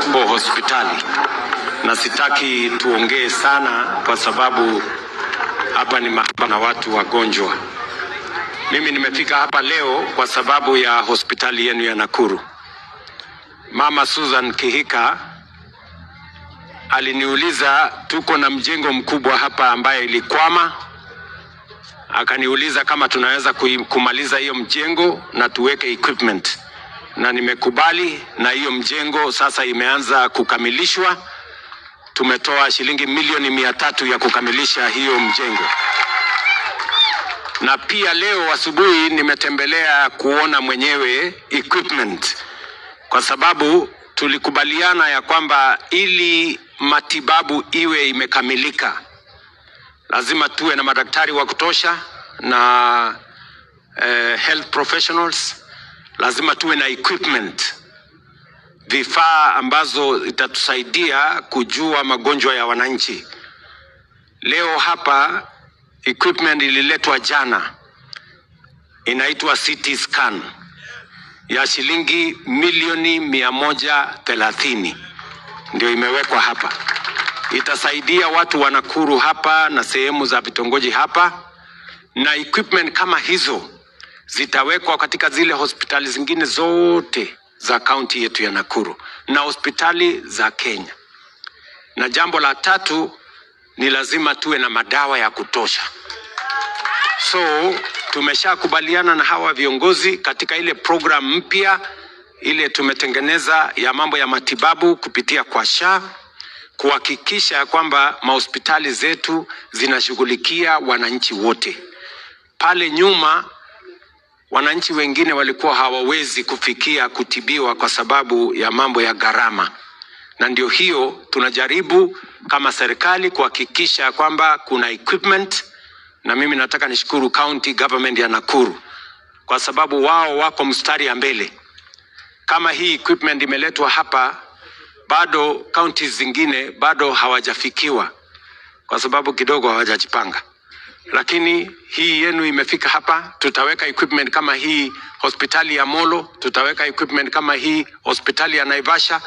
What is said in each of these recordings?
Tupo hospitali na sitaki tuongee sana, kwa sababu hapa ni mahaba na watu wagonjwa. Mimi nimefika hapa leo kwa sababu ya hospitali yenu ya Nakuru. Mama Susan Kihika aliniuliza tuko na mjengo mkubwa hapa ambaye ilikwama akaniuliza kama tunaweza kumaliza hiyo mjengo na tuweke equipment, na nimekubali, na hiyo mjengo sasa imeanza kukamilishwa. Tumetoa shilingi milioni mia tatu ya kukamilisha hiyo mjengo na pia leo asubuhi nimetembelea kuona mwenyewe equipment, kwa sababu tulikubaliana ya kwamba ili matibabu iwe imekamilika lazima tuwe na madaktari wa kutosha, na eh, health professionals. Lazima tuwe na equipment, vifaa ambazo itatusaidia kujua magonjwa ya wananchi. Leo hapa equipment ililetwa jana, inaitwa CT scan ya shilingi milioni mia moja thelathini ndio imewekwa hapa, itasaidia watu wa Nakuru hapa na sehemu za vitongoji hapa na equipment kama hizo zitawekwa katika zile hospitali zingine zote za kaunti yetu ya Nakuru na hospitali za Kenya. Na jambo la tatu ni lazima tuwe na madawa ya kutosha. So tumeshakubaliana na hawa viongozi katika ile program mpya ile tumetengeneza ya mambo ya matibabu kupitia kwa SHA kuhakikisha kwamba mahospitali zetu zinashughulikia wananchi wote pale nyuma wananchi wengine walikuwa hawawezi kufikia kutibiwa kwa sababu ya mambo ya gharama, na ndio hiyo tunajaribu kama serikali kuhakikisha kwamba kuna equipment, na mimi nataka nishukuru county government ya Nakuru kwa sababu wao wako mstari ya mbele. Kama hii equipment imeletwa hapa, bado counties zingine bado hawajafikiwa kwa sababu kidogo hawajajipanga lakini hii yenu imefika hapa. Tutaweka equipment kama hii hospitali ya Molo, tutaweka equipment kama hii hospitali ya Naivasha,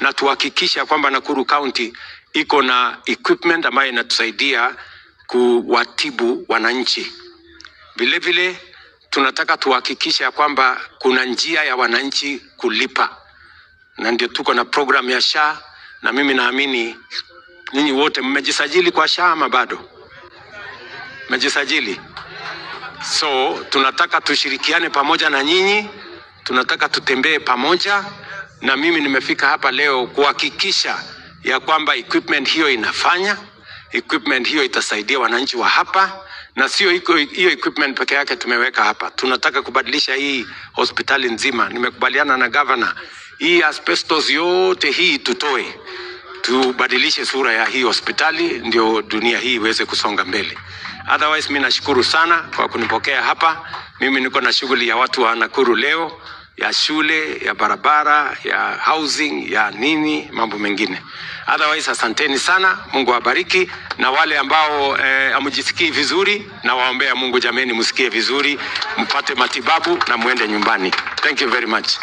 na tuhakikisha kwamba Nakuru County iko na equipment ambayo inatusaidia kuwatibu wananchi. Vilevile tunataka tuhakikisha kwamba kuna njia ya wananchi kulipa, na ndio tuko na program ya SHA, na mimi naamini nyinyi wote mmejisajili kwa SHA ama bado? Mmejisajili? So tunataka tushirikiane pamoja na nyinyi, tunataka tutembee pamoja, na mimi nimefika hapa leo kuhakikisha ya kwamba equipment hiyo inafanya, equipment hiyo itasaidia wananchi wa hapa, na sio hiyo equipment peke yake tumeweka hapa. Tunataka kubadilisha hii hospitali nzima. Nimekubaliana na governor, hii asbestos yote hii tutoe, tubadilishe sura ya hii hospitali, ndio dunia hii iweze kusonga mbele. Otherwise, mi nashukuru sana kwa kunipokea hapa. Mimi niko na shughuli ya watu wa Nakuru leo ya shule, ya barabara, ya housing, ya nini, mambo mengine. Otherwise, asanteni sana, Mungu awabariki, na wale ambao eh, amjisikii vizuri na waombea Mungu, jameni, msikie vizuri, mpate matibabu na muende nyumbani. Thank you very much.